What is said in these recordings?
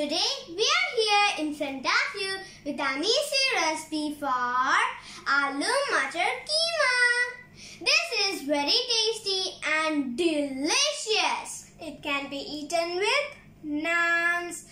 Today we are here in front of you with an easy recipe for aloo matar keema. This is very tasty and delicious. It can be eaten with naans,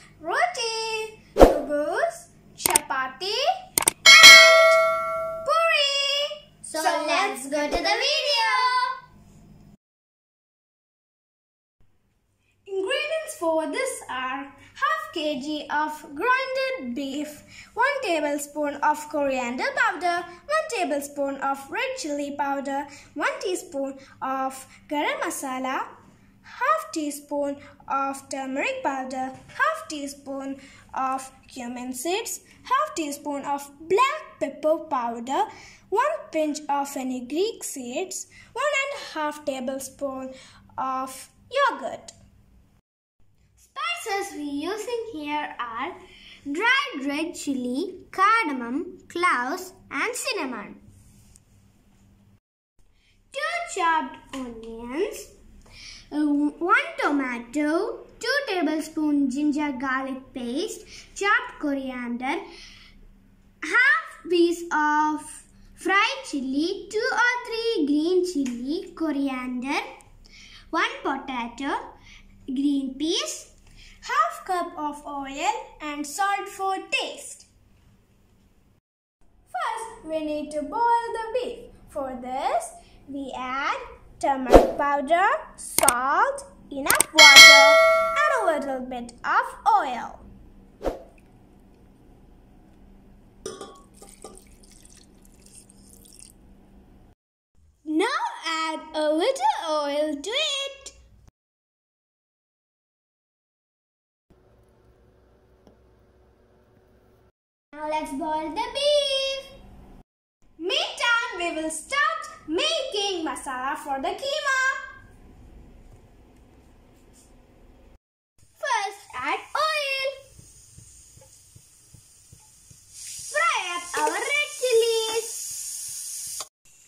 kg of grinded beef, 1 tablespoon of coriander powder, 1 tablespoon of red chili powder, 1 teaspoon of garam masala, half teaspoon of turmeric powder, half teaspoon of cumin seeds, half teaspoon of black pepper powder, one pinch of any greek seeds, one and a half tablespoon of yogurt spices we using here are dried red chili, cardamom, cloves and cinnamon. 2 chopped onions, uh, 1 tomato, 2 tablespoon ginger garlic paste, chopped coriander, half piece of fried chili, 2 or 3 green chili, coriander, 1 potato, green peas, half cup of oil and salt for taste. First, we need to boil the beef. For this, we add turmeric powder, salt, enough water and a little bit of oil. Now let's boil the beef. Meantime, we will start making masala for the keema. First, add oil. Fry up our red chilies.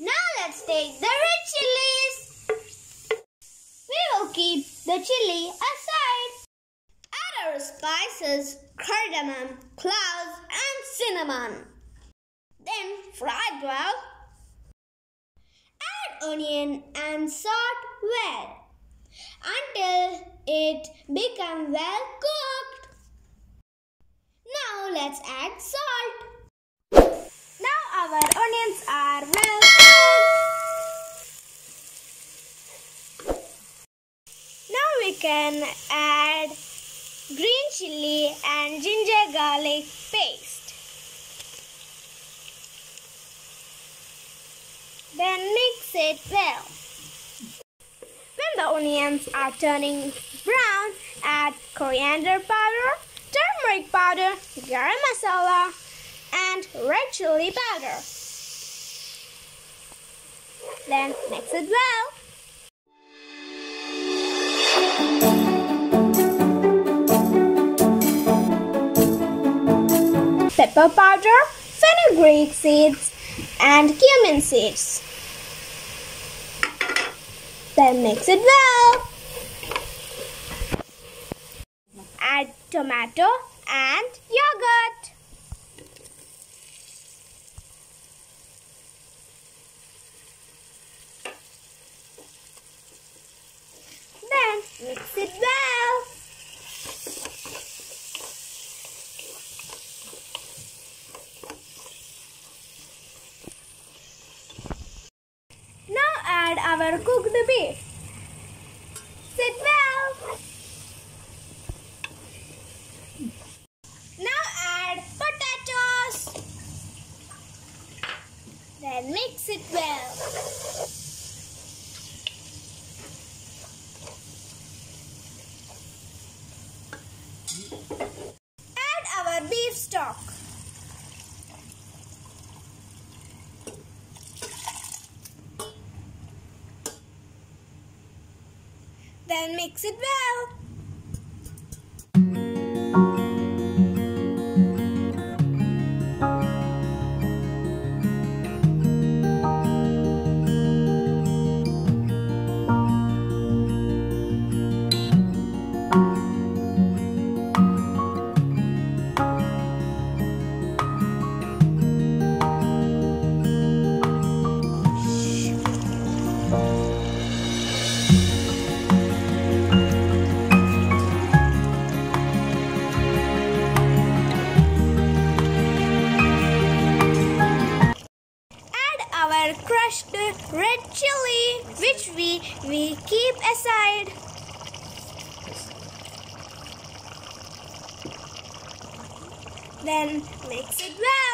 Now let's take the red chilies. We will keep the chili aside. Add our spices, cardamom, cloves, cinnamon. Then fry well. Add onion and salt well until it become well cooked. Now let's add salt. Now our onions are well cooked. Now we can add green chili and ginger garlic Then mix it well. When the onions are turning brown, add coriander powder, turmeric powder, garam masala, and red chili powder. Then mix it well. Pepper powder, fenugreek seeds, and cumin seeds. That makes it well. Add tomato and yogurt. Then mix it well. Cover cook the beef. Sit well. Now add potatoes. Then mix it well. Then mix it well. then mix it well.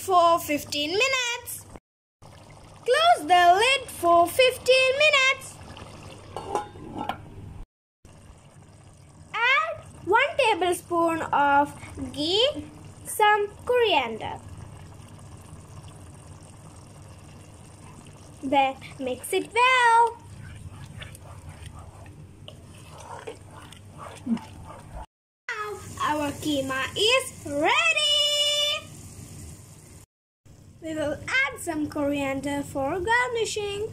for 15 minutes. Close the lid for 15 minutes. Add 1 tablespoon of ghee, some coriander. Then mix it well. Now our keema is ready. We will add some coriander for garnishing.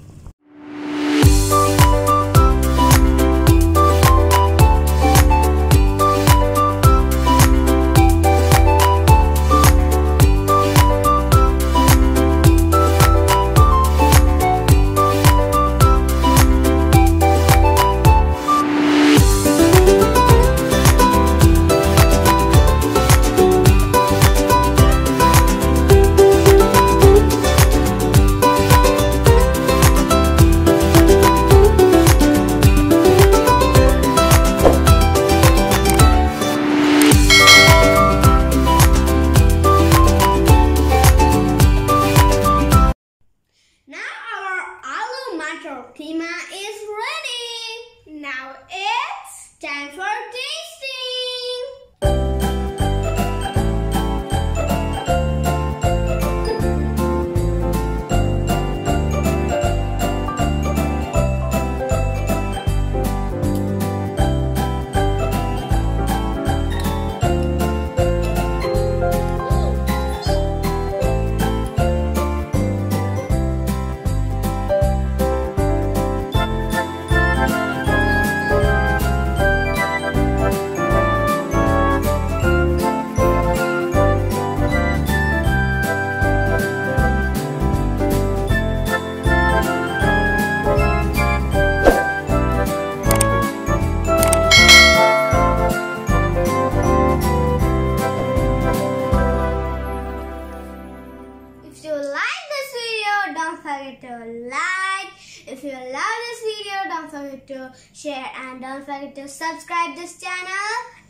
If you like this video, don't forget to like. If you love this video, don't forget to share and don't forget to subscribe this channel.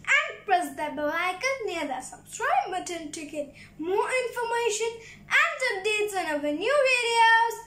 And press the bell icon near the subscribe button to get more information and updates on our new videos.